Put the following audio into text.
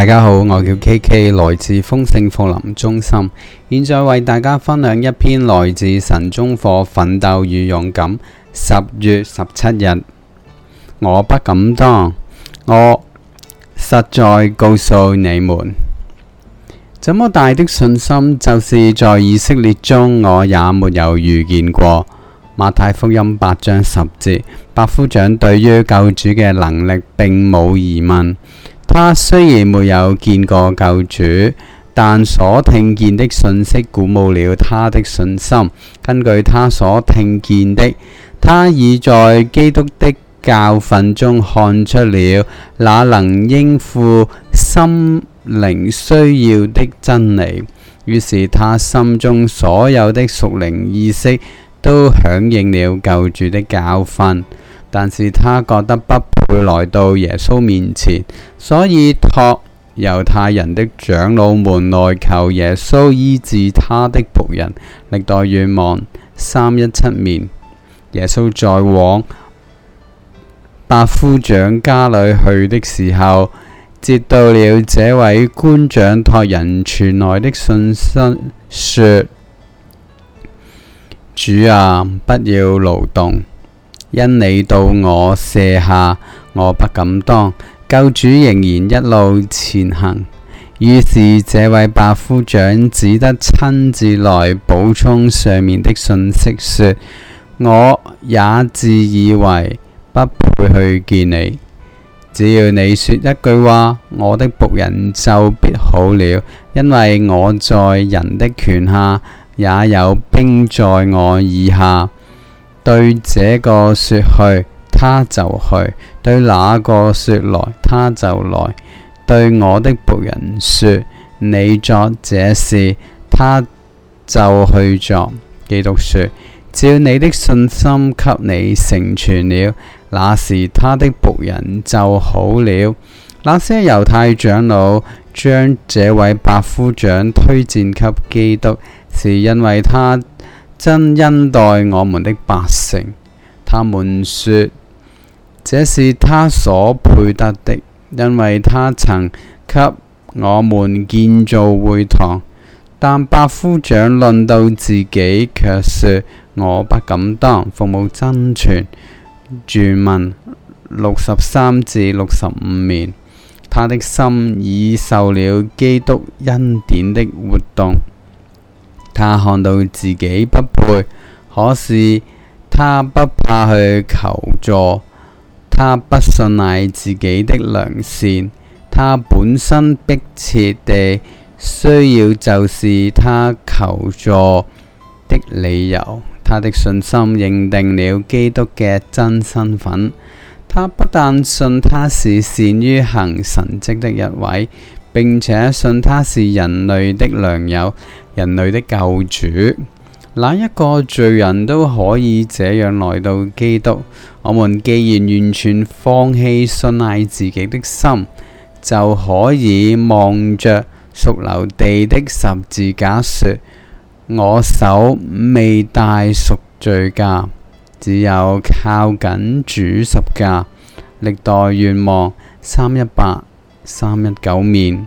大家好，我叫 KK，來自豐盛復臨中心，現在為大家分享一篇來自神中火奮鬥與勇敢。十月十七日，我不敢當，我實在告訴你們，這麼大的信心，就是在以色列中我也沒有遇見過。馬太福音八章十節，百夫長對於救主嘅能力並冇疑問。他雖然沒有見過救主，但所聽見的信息鼓舞了他的信心。根據他所聽見的，他已在基督的教訓中看出了那能應付心靈需要的真理。於是他心中所有的屬靈意識都響應了救主的教訓。但是他覺得不配來到耶穌面前，所以託猶太人的長老們來求耶穌醫治他的僕人。歷代願望三一七面，耶穌再往百夫長家裏去的時候，接到了這位官長託人傳來的信息，說：主啊，不要勞動。因你到我舍下，我不敢當。救主仍然一路前行。於是這位百夫長只得親自來補充上面的信息，說：我也自以為不配去見你。只要你說一句話，我的僕人就必好了，因為我在人的權下，也有兵在我以下。對這個說去，他就去；對那個說來，他就來。對我的僕人說，你作這事，他就去做。基督說：照你的信心給你成全了，那時他的僕人就好了。那些猶太長老將這位百夫長推薦給基督，是因為他。真恩待我們的百姓，他們說這是他所配得的，因為他曾給我們建造會堂。但百夫長論到自己，卻說我不敢當服務真詮。注文六十三至六十五面，他的心已受了基督恩典的活動。他看到自己不配，可是他不怕去求助，他不信賴自己的良善，他本身迫切地需要就是他求助的理由。他的信心認定了基督嘅真身份，他不但信他是善於行神跡的一位，並且信他是人類的良友。人類的救主，哪一個罪人都可以這樣來到基督？我們既然完全放棄信賴自己的心，就可以望着髑髏地的十字架說：我手未帶贖罪價，只有靠緊主十架。歷代願望三一八，三一九面。